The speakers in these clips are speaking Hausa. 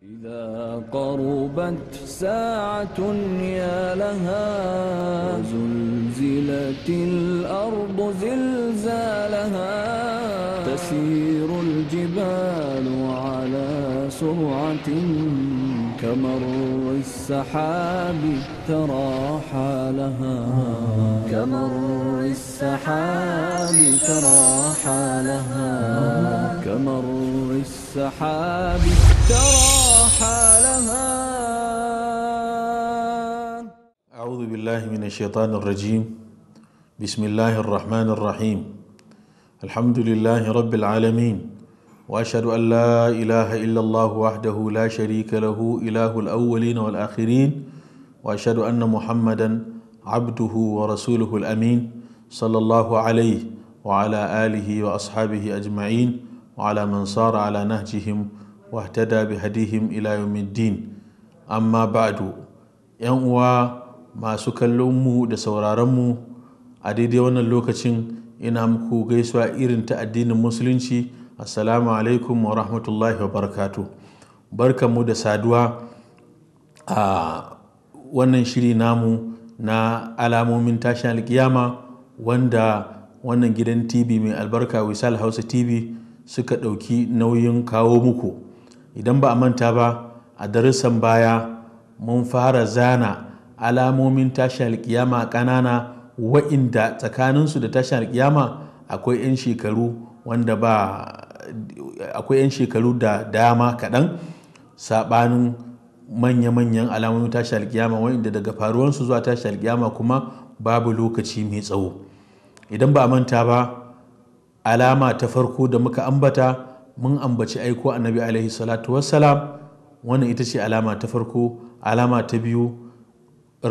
إذا قربت ساعة يا لها وزلزلت الأرض زلزالها تسير الجبال على سرعة كمر السحاب ترى حالها كمر السحاب ترى حالها كمر السحاب ترى حالها أعوذ بالله من الشيطان الرجيم بسم الله الرحمن الرحيم الحمد لله رب العالمين وأشهد أن لا إله إلا الله وحده لا شريك له إله الأولين والآخرين وأشهد أن محمدا عبده ورسوله الأمين صلى الله عليه وعلى آله وأصحابه أجمعين وعلى من صار على نهجهم واهتدى بهديهم إلى يوم الدين أما 'Yan uwa masu kallon mu da mu a daidai wannan lokacin ina muku gaisuwa irin ta addinin musulunci assalamu alaikum wa rahmatullahi wa barakatu barkanmu da saduwa a wannan shiri namu na alamomin tashin alkiyama wanda wannan gidan tv mai albarka wisal hausa tv suka ɗauki nauyin kawo muku idan ba a manta ba a darussan baya mun fara zana alamomin tashin alkiyama ƙanana wa'inda tsakaninsu da tashin alkiyama akwai 'yan shekaru wanda ba akwai 'yan shekaru da dama kaɗan saɓanin manya-manyan alamomin tashin alkiyama wa'inda daga faruwansu zuwa tashin alkiyama kuma babu lokaci mai tsawo idan ba a manta ba alama ta farko da muka ambata mun ambaci aiko annabi alaihi salatu wassalam wannan ita ce alama ta farko alama ta biyu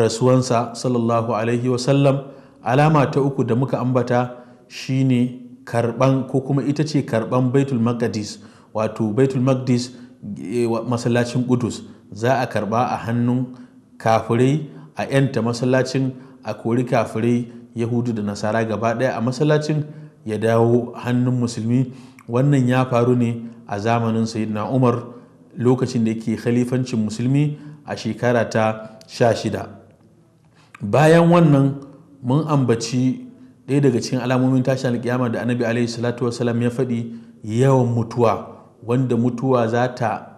rasuwansa sallallahu alaihi wasallam alama ta uku da muka ambata shine karban ko kuma ita ce karban baitul maqdis wato baitul maqdis eh, masallacin kudus za a karba a hannun kafirai a yanta masallacin a kori kafirai yahudu da nasara gaba daya a masallacin ya dawo hannun musulmi wannan ya faru ne a zamanin sayyidina umar lokacin da yake khalifancin musulmi a shekara ta sha shida bayan wannan mun ambaci ɗaya daga cikin alamomin tashin alƙiyama da annabi alaihi salatu wasalam ya faɗi yawan mutuwa wanda mutuwa za ta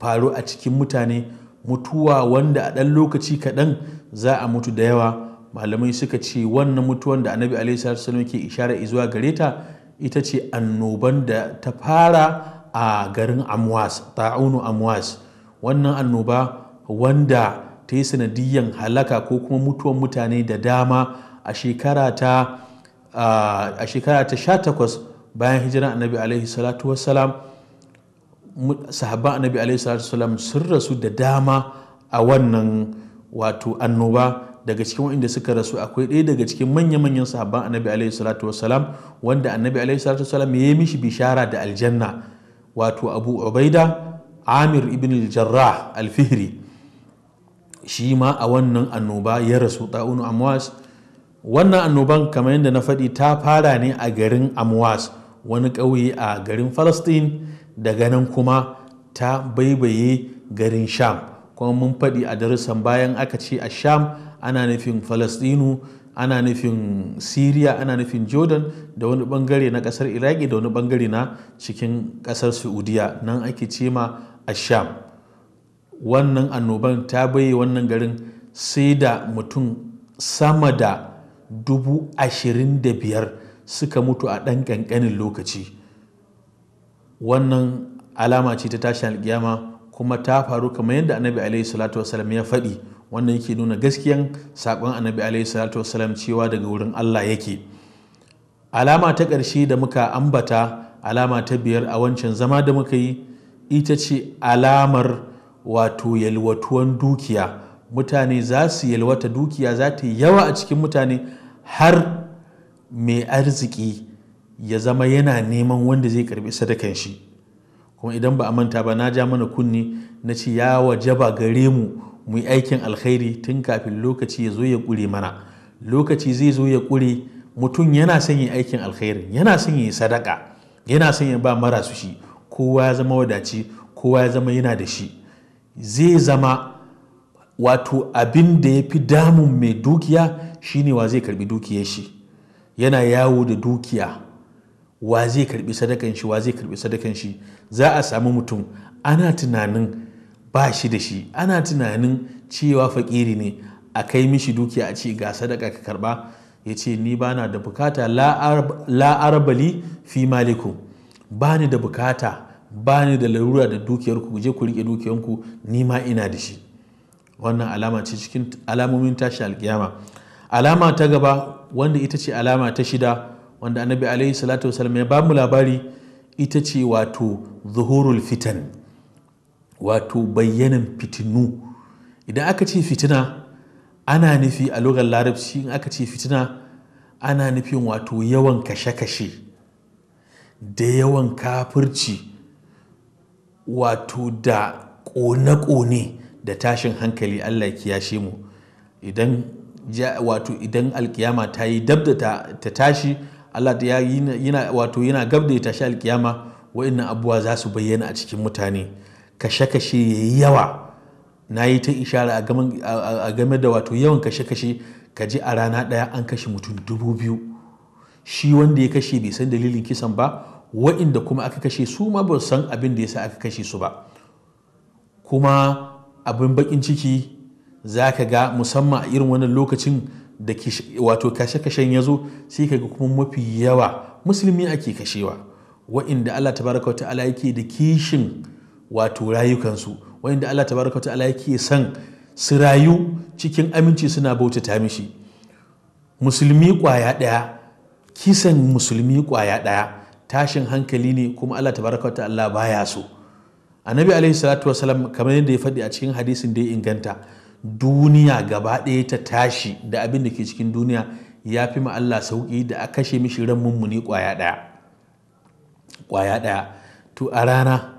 faru a cikin mutane mutuwa wanda a ɗan lokaci kaɗan za a mutu da yawa malamai suka ce wannan mutuwan da annabi alaihi salatu wasalam ke ishara zuwa gare ta ita ce annoban da ta fara a garin amwas ta'unu amwas wannan annoba wanda ta yi sanadiyyan halaka ko kuma mutuwan mutane da dama a shekara ta a sha bayan hijiran annabi alaihi salatu wassalam sahabban annabi alaihi salatu wasalam sun rasu da dama a wannan wato annoba daga cikin wanda suka rasu akwai ɗaya daga cikin manya-manyan sahabban annabi alaihi salatu wanda annabi alaihi salatu ya yi mishi bishara da aljanna wato abu ubaida amir ibn al-jarrah al-fihri shi ma a wannan annoba ya rasu ta'unu amwas wannan annoban kamar yadda na faɗi ta fara ne a garin amwas wani ƙauye a garin falastin daga nan kuma ta baibaye garin sham kuma mun faɗi a darussan bayan aka ce a sham ana nufin falastinu ana nufin Siriya, ana nufin jordan da wani bangare na kasar iraki da wani bangare na cikin kasar saudiya nan ake ce ma sham. wannan annoban ta bai wannan garin sai da mutum sama da dubu ashirin da biyar suka mutu a ɗan ƙanƙanin lokaci wannan alama ce ta tashin alƙiyama kuma ta faru kamar yadda annabi alaihi salatu wasalam ya faɗi Wannan yake nuna gaskiyan saƙon annabi alaihi salatu wasalam cewa daga wurin Allah yake alama ta ƙarshe da muka ambata alama ta biyar a wancan zama da muka yi ita ce alamar wato yalwatuwan dukiya mutane za su yalwata dukiya za ta yi yawa a cikin mutane har mai arziki ya zama yana neman wanda zai karbi sadakan shi kuma idan ba a manta ba na ja mana kunni na ce ya wajaba gare mu mu yi aikin alkhairi tun kafin lokaci ya zo ya ƙure mana lokaci zai zo ya ƙure mutum yana son yi aikin alkhairi yana son yi sadaka yana son ya ba marasu shi kowa ya zama wadaci kowa ya zama yana da shi zai zama wato abin da ya fi damun mai dukiya shine wa zai karbi dukiyar shi yana yawo da dukiya wa zai karbi sadakan shi wa zai karbi sadakan shi za a samu mutum ana tunanin ba shi da shi ana tunanin cewa fakiri ne a kai mishi dukiya a ce ga sadaka ka karba ya ce ni ba na da bukata la'arbali fi maliku. ba ni da bukata ba ni da larura da dukiyarku ku je ku riƙe dukiyarku ni ma ina da shi wannan alama ce cikin alamomin tashi alkiyama alama ta gaba wanda ita ce alama ta shida wanda annabi alaihi salatu wasallam ya ba mu labari ita ce wato zuhurul fitan wato bayyanan fitinu idan aka ce fitina ana nufi a lugar larabci in aka ce fitina ana nufin wato yawan kashe-kashe da yawan kafirci wato da ƙone-ƙone da tashin hankali allah kiyashe mu idan wato idan alkiyama ta yi dab da ta tashi allah yana wato yana gab da ya tashi alkiyama wa'annan abubuwa za su bayyana a cikin mutane kashe-kashe ya yi yawa na yi ta ishara a game da wato yawan kashe-kashe ka ji a rana ɗaya an kashe mutum dubu biyu shi wanda ya kashe bai san dalilin kisan ba wa'inda kuma aka kashe su ma ba san abin da ya sa aka kashe su ba kuma abin bakin ciki za ka ga musamman a irin wani lokacin da wato kashe-kashen ya zo sai ka ga kuma mafi yawa musulmi ake kashewa wa'inda allah tabaraka wata ala yake da kishin wato rayukansu wanda Allah tabaraka ta'ala yake son su rayu cikin aminci suna bautata mishi musulmi kwaya ɗaya kisan musulmi kwaya ɗaya tashin hankali ne kuma Allah tabaraka ta'ala baya so annabi alaihi salatu wasalam kamar yadda ya faɗi a cikin hadisin da ya inganta duniya gaba ɗaya ta tashi da abin da ke cikin duniya ya fi ma Allah sauki da a kashe mishi ran mummuni kwaya ɗaya kwaya ɗaya to a rana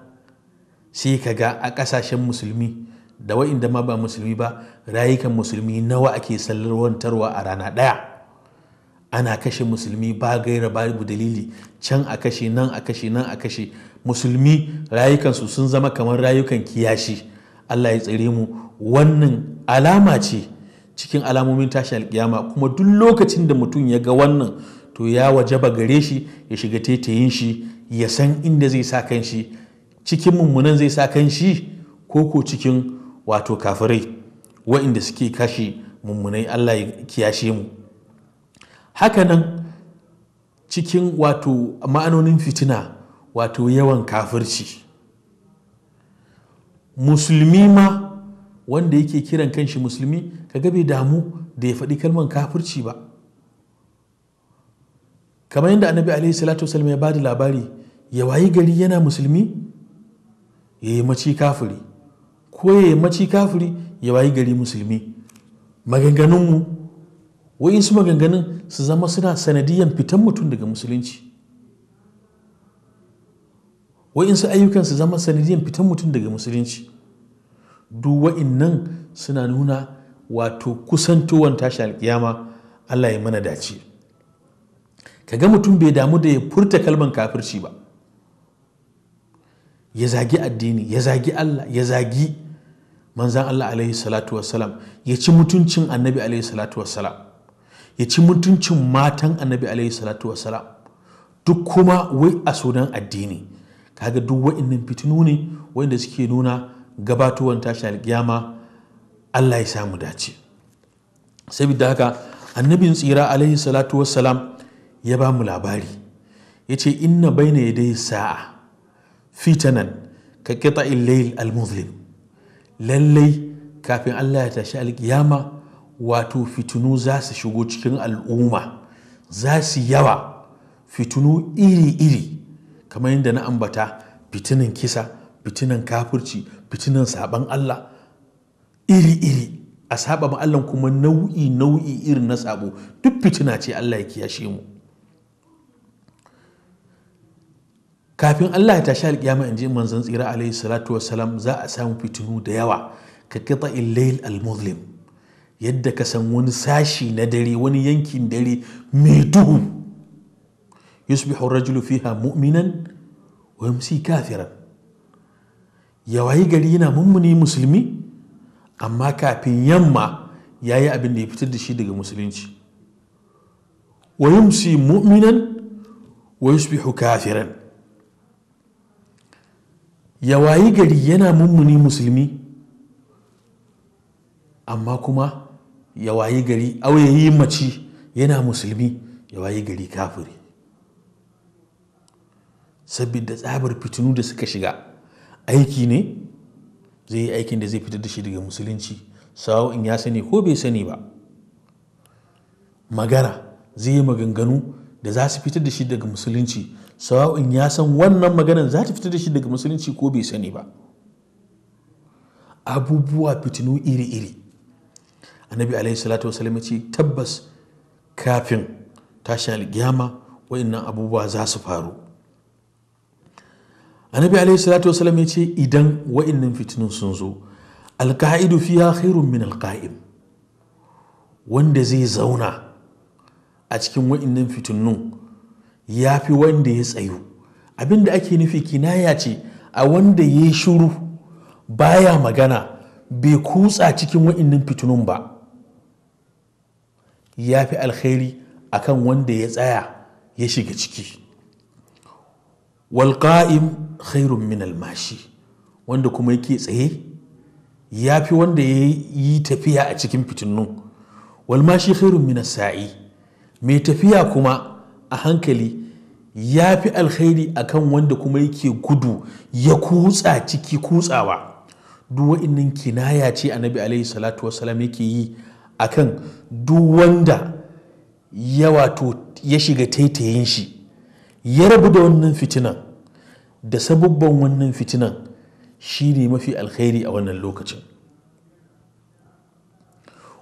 sai ka ga a ƙasashen musulmi da wa'inda ma ba musulmi ba rayukan musulmi nawa ake sallarwantarwa a rana ɗaya ana kashe musulmi ba gaira babu dalili can a kashe nan a kashe nan a kashe musulmi rayukansu sun zama kamar rayukan kiyashi allah ya tsare mu wannan alama ce cikin alamomin tashi alkiyama kuma duk lokacin da mutum ya ga wannan to ya wajaba gare shi ya shiga taitayin shi ya san inda zai sa kan shi cikin mummunan zai sa kan shi ko ko cikin wato kafirai wa'inda suke kashe mummunai Allah ya kiyashe mu hakanan cikin wato ma'anonin fitina wato yawan kafirci musulmi ma wanda yake kiran kanshi musulmi kaga bai damu da ya faɗi kalman kafirci ba kamar yadda annabi alaihi salatu wasallam ya bada labari ya wayi gari yana musulmi ya yi maci kafiri ko ya yi maci kafiri ya wayi gari musulmi maganganunmu waɗansu maganganun su zama suna sanadiyan fitan mutum daga musulunci waɗansu ayyukan su zama sanadiyan fitan mutum daga musulunci duk wa'innan suna nuna wato kusantowar tashi alkiyama Allah ya mana dace ka ga mutum bai damu da ya furta kalmar kafirci ba ya zagi addini ya zagi Allah ya zagi manzan Allah alaihi salatu wassalam ya ci mutuncin annabi alaihi salatu wassalam ya ci mutuncin matan annabi alaihi salatu wassalam duk kuma wai a sunan addini kaga duk wa'innan fitinu ne wanda suke nuna gabatuwan tashi alkiyama Allah ya samu dace saboda haka annabin tsira alaihi salatu wassalam ya ba mu labari ya ce inna bayna yadai sa'a fitanan ka kita illayil al-muzlim lallai kafin Allah ya tashi alkiyama wato fitinu za su shigo cikin al'umma za su yawa fitinu iri-iri kamar yadda na ambata fitinin kisa fitinan kafirci fitinan saban Allah iri-iri a saba Allah kuma nau'i nau'i irin na sabo duk fitina ce Allah ya kiyashe mu kafin Allah ya tashi alƙiyama inji manzon tsira alaihi salatu wassalam za a samu fitinu da yawa ka kita illail al-muslim yadda ka san wani sashi na dare wani yankin dare mai duhu yusbihu ar rajulu fiha mu'minan wa yamsi kafiran ya yawayi gari yana mummuni musulmi amma kafin yamma yayi abin da ya fitar da shi daga musulunci wa yumsi mu'minan wa yusbihu kafiran ya wayi gari yana mummuni musulmi amma kuma ya wayi gari auyayi mace yana musulmi ya wayi gari kafiri saboda tsabar fitinu da suka shiga aiki ne zai yi aikin da zai fitar da shi daga musulunci sawo in ya sani ko bai sani ba magana zai yi maganganu da za su fitar da shi daga musulunci sawa'in ya san wannan maganar za ta fita da shi daga musulunci ko bai sani ba abubuwa fitinu iri-iri annabi alaihi salatu wasallam ce tabbas kafin tashin alkiyama wa'annan abubuwa za su faru annabi alaihi salatu wasallam ce idan wa'annan fitinu sun zo alka'idu fiya khairun min alka'im wanda zai zauna a cikin wa'annan fitinun ya fi wanda ya tsayu abin da ake nufi kinaya ce a wanda ya yi shuru baya magana bai kutsa cikin wa'innan fitunun ba ya fi alkhairi akan wanda ya tsaya ya shiga ciki walqa'im khairun min almashi wanda kuma yake tsaye ya fi wanda ya yi tafiya a cikin fitunun. walmashi khairun min sa'i mai tafiya kuma a hankali ya fi alkhairi akan wanda kuma yake gudu ya kutsa ciki kutsawa duk wa'innan kinaya ce annabi alaihi salatu wasalam yake yi akan duk wanda ya wato ya shiga taitayin shi ya rabu da wannan fitinan da sabubban wannan fitinan shi ne mafi alkhairi a wannan lokacin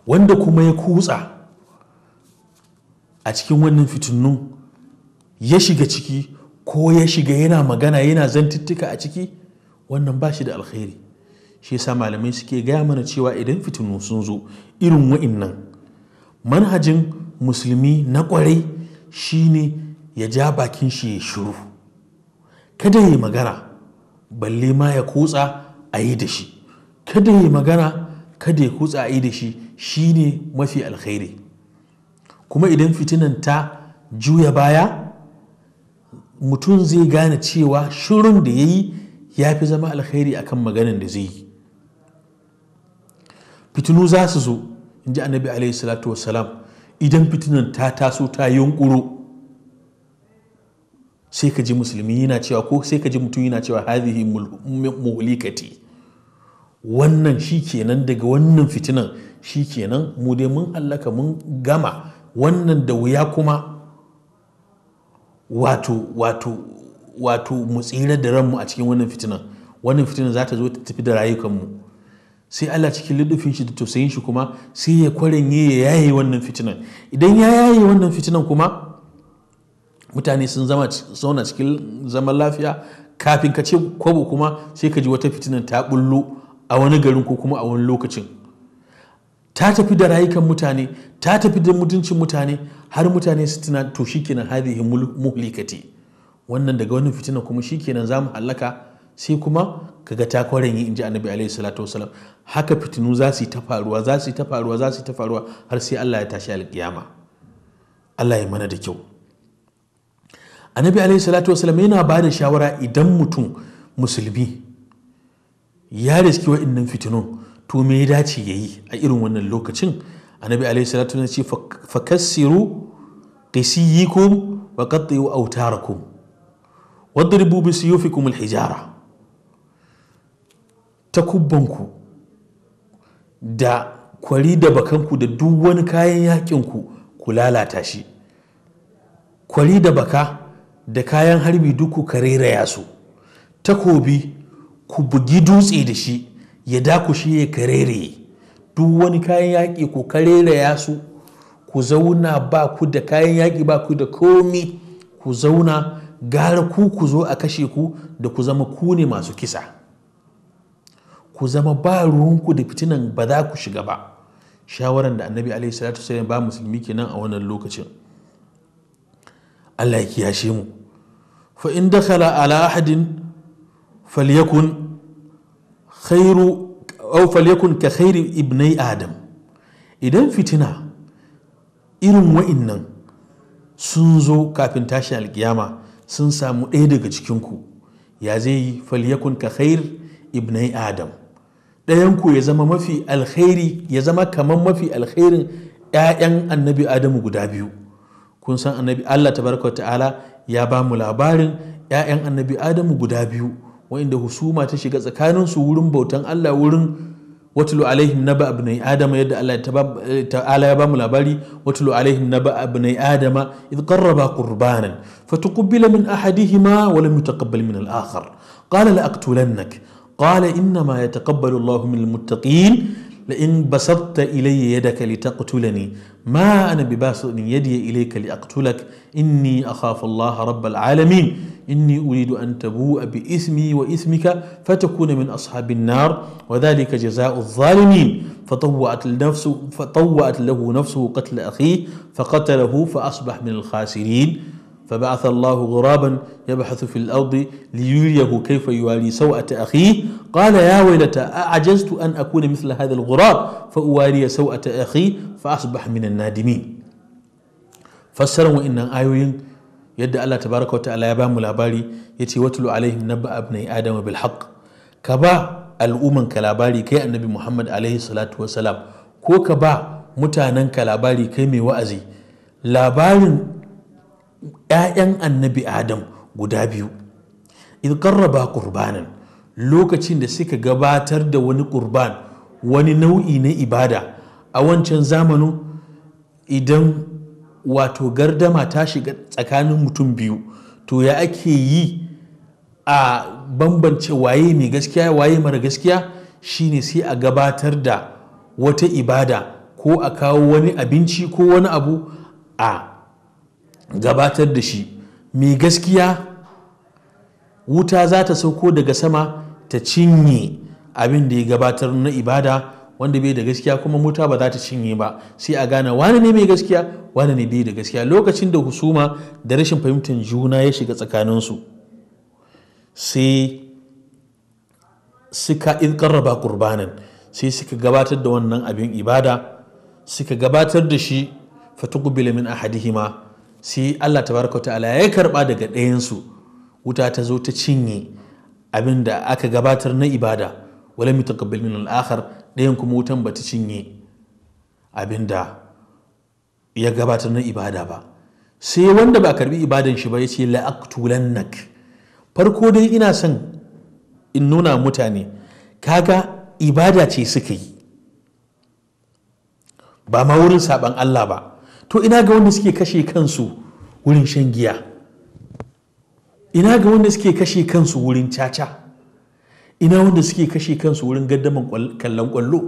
wanda kuma ya kutsa a cikin wannan fitinnu ya shiga ciki ko ya shiga yana magana yana zantuttuka a ciki wannan ba shi da alkhairi shi yasa malamai suke gaya mana cewa idan fitinu sun zo irin wa'innan manhajin musulmi na kwarai shi ne ya ja bakin shi ya shiru kada ya yi magana balle ma ya kutsa a yi da shi kada ya yi magana kada ya kutsa a yi da shi ne mafi alkhairi kuma idan fitinan ta juya baya mutum zai gane cewa shirin da ya yi ya fi zama alkhairi kan maganan da zai yi fitinu za su zo in ji annabi alaihi salatu wasalam idan fitinan ta taso ta yunkuro sai ka ji musulmi yana cewa ko sai ka ji mutum yana cewa hazihi muhlikati wannan shi kenan daga wannan fitinan kenan mu dai mun hallaka mun gama wannan da wuya kuma wato wato wato mu tsira da ranmu a cikin wannan fitinan wannan fitinan za ta zo ta tafi da rayukanmu sai Allah cikin lidufin shi da tausayin shi kuma sai ya kwaranye ya yaye wannan fitinan idan ya yaye wannan fitinan kuma mutane sun zama zauna cikin zaman lafiya kafin ka ce kwabo kuma sai ka ji wata fitinan ta bullo a wani garin ko kuma a wani lokacin ta tafi da rayukan mutane ta tafi da mutuncin mutane har mutane su tuna to shikenan hadhihi muhlikati wannan daga wannan fitina kuma shikenan zamu hallaka sai kuma kaga ta kwaren yi inji annabi alaihi salatu wasalam haka fitinu za su yi ta faruwa za su yi ta faruwa za su yi ta faruwa har sai Allah ya tashi alkiyama Allah ya mana da kyau annabi alaihi salatu wasalam yana ba da shawara idan mutum musulmi ya riski wa'innan fitinun to me ya dace ya yi a irin wannan lokacin annabi alaihi salatu na ce fakassiru ko wa qatti'u awtarakum wadribu bi suyufikum alhijara kubbanku da kwari da bakanku da duk wani kayan yakinku ku lalata shi kwari da baka da kayan harbi duk ku kareraya su takobi ku bugi dutse da shi ya shi ya karere duk wani kayan yaƙi ku karere ya su ku zauna ba ku da kayan yaƙi ba ku da komi ku zauna gara ku ku zo a kashe ku da ku zama ku ne masu kisa ku zama ba ruwanku da fitinan ba za ku shiga ba shawaran da annabi alaihi salatu ba musulmi kenan a wannan lokacin Allah ya kiyashe mu fa in dakala ala ahadin falyakun khairu aw falyakun ka khairi ibnai adam idan fitina irin wa'innan sun zo kafin tashin alkiyama sun samu ɗaya daga cikinku ya zai yi falyakun ka khair ibnai adam ɗayanku ya zama mafi alkhairi ya zama kamar mafi alkhairin 'ya'yan annabi adamu guda biyu kun san annabi allah ta ta'ala ya ba mu labarin 'ya'yan annabi adamu guda biyu wanda husuma ta shiga tsakaninsu wurin bautan Allah wurin watlu alaihim naba abnai adam yadda Allah ta'ala ya bamu labari watlu alaihim naba abnai adam id qarraba qurbanan fatuqbila min ahadihima wa lam yutaqabbal min al-akhar qala la aqtulannak qala innama yataqabbalu Allahu min al-muttaqin لئن بسطت إلي يدك لتقتلني ما أنا بباسط يدي إليك لأقتلك إني أخاف الله رب العالمين إني أريد أن تبوء بإثمي وإثمك فتكون من أصحاب النار وذلك جزاء الظالمين فطوأت لنفسه فطوأت له نفسه قتل أخيه فقتله فأصبح من الخاسرين فبعث الله غرابا يبحث في الأرض ليريه كيف يواري سوءة أخيه قال يا ويلتى أعجزت أن أكون مثل هذا الغراب فأواري سوءة أخي فأصبح من النادمين فسروا إن آيوين يد الله تبارك وتعالى يبام الأباري يتي وتلو عليهم نبأ ابني آدم بالحق كبا الأمم كالأباري كي النبي محمد عليه الصلاة والسلام كو كبا متانا كالأباري كيمي وأزي labarin 'ya'yan annabi adam guda biyu idan karraba kurbanan lokacin da suka gabatar da wani kurban wani nau'i na ibada a wancan zamanin idan wato gardama ta shiga tsakanin mutum biyu to ya ake yi a bambance waye mai gaskiya waye mara gaskiya shine sai a gabatar da wata ibada ko a kawo wani abinci ko wani abu a gabatar da shi mai gaskiya wuta za ta sauko daga sama ta cinye abin da ya gabatar na ibada wanda bai da gaskiya kuma wuta ba za ta cinye ba sai a gane wani ne mai gaskiya wani ne bai da gaskiya lokacin da husuma da rashin fahimtar juna ya shiga tsakaninsu sai suka in karraba kurbanin sai suka gabatar da wannan abin ibada suka gabatar da shi fatukubila min hima. sai Allah Ta tabaraka ta'ala ya karba daga ɗayansu wuta ta zo ta cinye abin da aka gabatar na ibada wala taqabbal min al-akhar ɗayan kuma wutan ba ta cinye abin da ya gabatar na ibada ba sai wanda ba karbi ibadan shi ba ya ce la'aktulannak farko dai ina son in nuna mutane kaga ibada ce suka yi ba ma wurin saban Allah ba to ina ga wanda suke kashe kansu wurin shan giya ina ga wanda suke kashe kansu wurin caca ina wanda suke kashe kansu wurin gaddaman kallon kwallo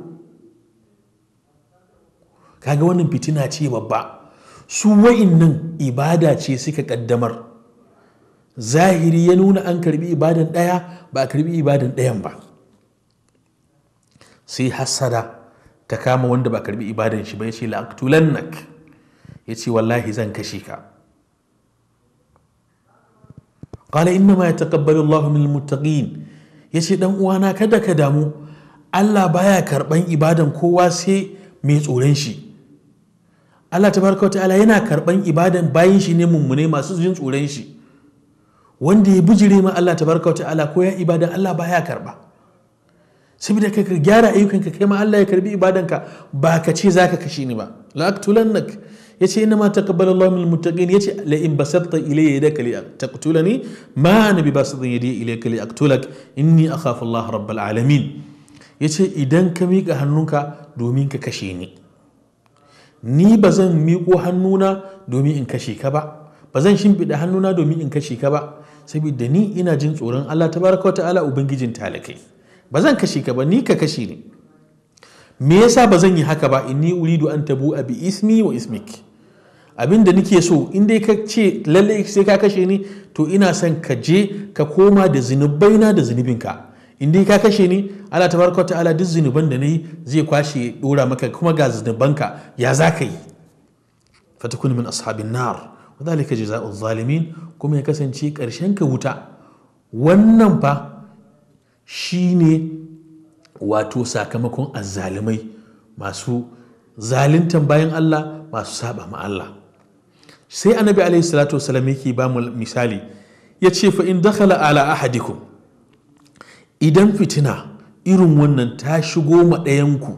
kaga wannan fitina ce babba su wa'innan ibada ce suka kaddamar zahiri ya nuna an karbi ibadan ɗaya ba a karbi ibadan ɗayan ba sai hassada ta kama wanda ba a karbi ibadan shi ba ya ce la'aktulannak ya ce wallahi zan kashe ka qala inna ma yataqabbalu Allahu min mutaƙin ya ce ɗan uwana kada ka damu Allah baya karban ibadan kowa sai mai tsoron shi Allah ta barka wata yana karban ibadan bayan shi ne mummune masu jin tsoron shi wanda ya bijire ma Allah barka wata 'Ala, ko ya ibadan Allah baya karɓa. saboda ka gyara ayyukanka kai ma Allah ya karbi ibadanka ba ka ce za ka kashe ni ba la'aktulannak yace inna ma taqabbalallahu minal muttaqin yace la in basatta ilayya yadaka li taqtulani ma ana bi basatin yadi ilayka li aqtulak inni akhafu Allah rabbal alamin yace idan ka miƙa hannunka domin ka kashe ni ni ba zan miƙo hannuna domin in kashe ka ba ba zan shimfiɗa hannuna domin in kashe ka ba saboda ni ina jin tsoron Allah tabaraka wa ta'ala ubangijin talakai ba zan kashe ka ba ni ka kashe ni me yasa ba zan yi haka ba inni uridu an tabu abi ismi wa ismik abin da nake so in dai ka ce lalle sai ka kashe ni to ina son ka je ka koma da na da zunubinka in dai ka kashe ni Allah tabaraka ta'ala duk zunuban da nayi zai kwashe dora maka kuma ga zunubanka ya za ka yi fatakun min ashabin nar wa zalika jazaa'u zalimin kuma ya kasance karshen ka wuta wannan fa ne wato sakamakon azzalumai masu zaluntan bayan Allah masu saba ma Allah sai annabi alaihi salatu wasalam yake ba mu misali ya ce fa in dakhala ala ahadikum idan fitina irin wannan ta shigo ma ɗayanku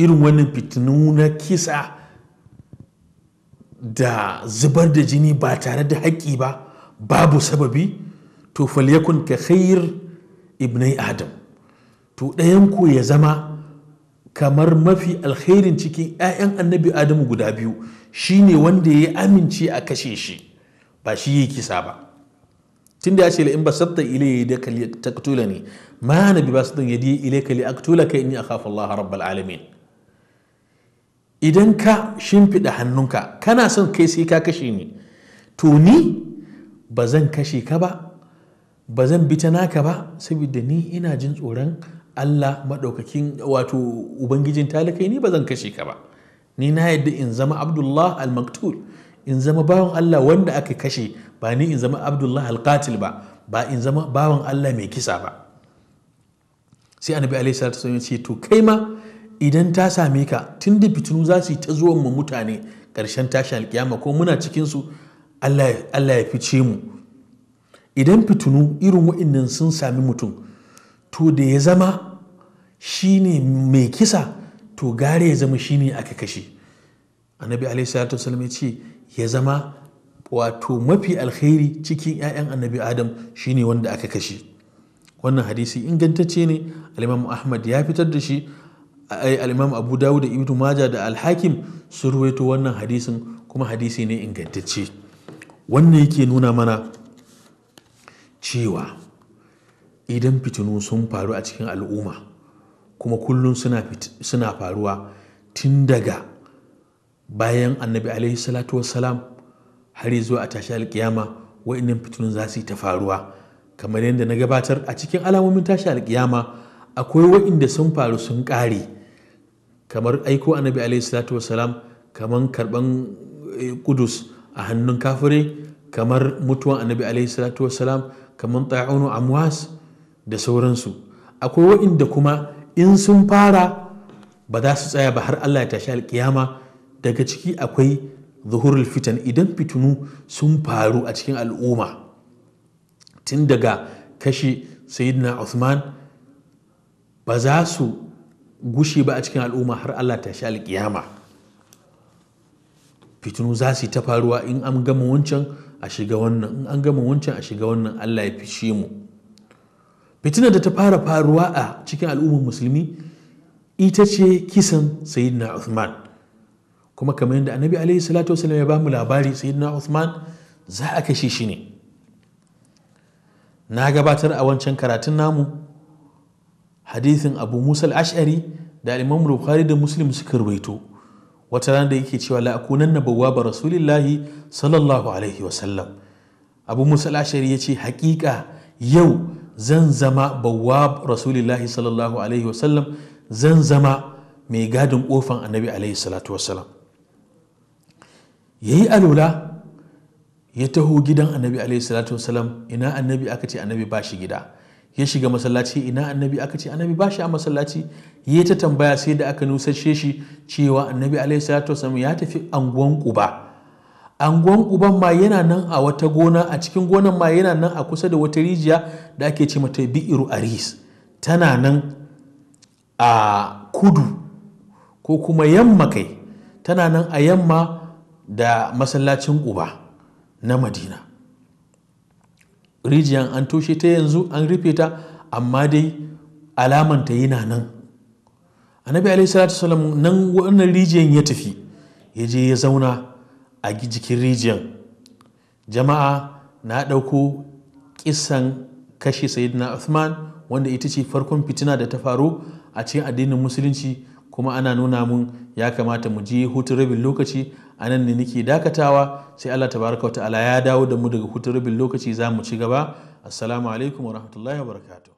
irin wannan fitinu na kisa da zubar da jini ba tare da haƙƙi ba babu sababi to falyakun ka khair ibnai adam to ɗayanku ya zama kamar mafi alkhairin cikin 'ya'yan annabi adamu guda biyu shine wanda ya amince a kashe shi ba shi yi kisa ba tunda ya ce la in basatta da kali ta taqtula ne ma kali a a ilayka in yi a kafin Allah rabbal alamin idan ka shimfiɗa hannunka kana son kai sai ka kashe ni to ni ba zan kashe ka ba ba zan bi ta naka ba saboda ni ina jin tsoron Allah maɗaukakin wato ubangijin talikai ni ba zan kashe ka ba ni na yadda in zama abdullah al-maktul in zama bawan Allah wanda aka kashe ba ni in zama abdullah al-qatil ba ba in zama bawan Allah mai kisa ba sai annabi alaihi salatu wasallam ce to kai ma idan ta same ka tunda da fitinu za su yi ta zuwan mu mutane ƙarshen tashin alkiyama ko muna cikin su Allah ya fice mu idan fitinu irin wa'annan sun sami mutum to da ya zama shi ne mai kisa to gare ya zama shi ne aka kashe annabi alaihi salatu ya ce ya zama wato mafi alkhairi cikin 'ya'yan annabi adam shine wanda aka kashe wannan hadisi ingantacce ne alimam ahmad ya fitar da shi alimam abu dawud da ibnu maja da alhakim sun ruwaito wannan hadisin kuma hadisi ne ingantacce wannan yake nuna mana cewa idan fitinu sun faru a cikin al'umma kuma kullum suna faruwa tun daga bayan annabi alaihi salatu wasalam har zuwa a tashi alkiyama wa'annan fitinun za su yi ta faruwa kamar yadda na gabatar a cikin alamomin tashi alkiyama akwai wa'inda sun faru sun kare kamar aiko annabi alaihi salatu wasalam kamar karban eh, kudus a hannun kafirai kamar mutuwan annabi alaihi salatu wasalam kamar ta'unu amwas da sauransu akwai waɗanda kuma in sun fara ba za su tsaya ba har Allah ya tashi alkiyama daga ciki akwai zuhurul fitan idan fitunu sun faru a cikin al'umma tun daga kashi sayyidina Uthman ba za su gushe ba a cikin al'umma har Allah tashi alkiyama Fitunu za su yi ta faruwa in an gama wancan a shiga wannan in an gama wancan a shiga wannan Allah ya fishe mu fitinar da ta fara faruwa a cikin al'ummar musulmi ita ce kisan sayyidina Uthman kuma kamar yadda annabi alaihi salatu wasallam ya ba mu labari sayyidina Uthman za a kashe shi ne na gabatar a wancan karatun namu hadithin abu musa ashari da imam bukhari da muslim suka rubaito wata rana da yake cewa la'akunan na bawa ba rasulillahi sallallahu alaihi wasallam abu musa ashari ya ce hakika yau zan zama bawwab rasulillahi sallallahu alaihi wasallam zan zama mai gadin kofan annabi alaihi salatu wasallam yayi alula alola ya taho gidan annabi alaihi salatu wasallam ina annabi aka ce annabi ba shi gida ya shiga masallaci ina annabi aka ce annabi ba shi a masallaci ya ta tambaya sai da aka nusashe shi cewa annabi alaihi salatu wasallam ya tafi anguwan kuba anguwan uban ma yana nan a wata gona a cikin gonan ma yana nan a kusa da wata rijiya da ake ce mata bi'iru aris tana nan a kudu ko kuma yamma kai tana nan a yamma da masallacin uba na madina rijiyan an toshe ta yanzu an rufe ta amma dai alamanta yana nan annabi alaihi salatu nan wannan rijiyan ya tafi ya je ya zauna a jikin rijiyan jama'a na ɗauko kisan kashe sayyidina Uthman wanda ita ce farkon fitina da ta faru a cikin addinin musulunci kuma ana nuna mun ya kamata mu je hutun rabin lokaci a nan ne nake dakatawa sai Allah baraka wa ta'ala ya dawo da mu daga hutun rabin lokaci za mu ci gaba assalamu alaikum wa rahmatullahi wa barakatuh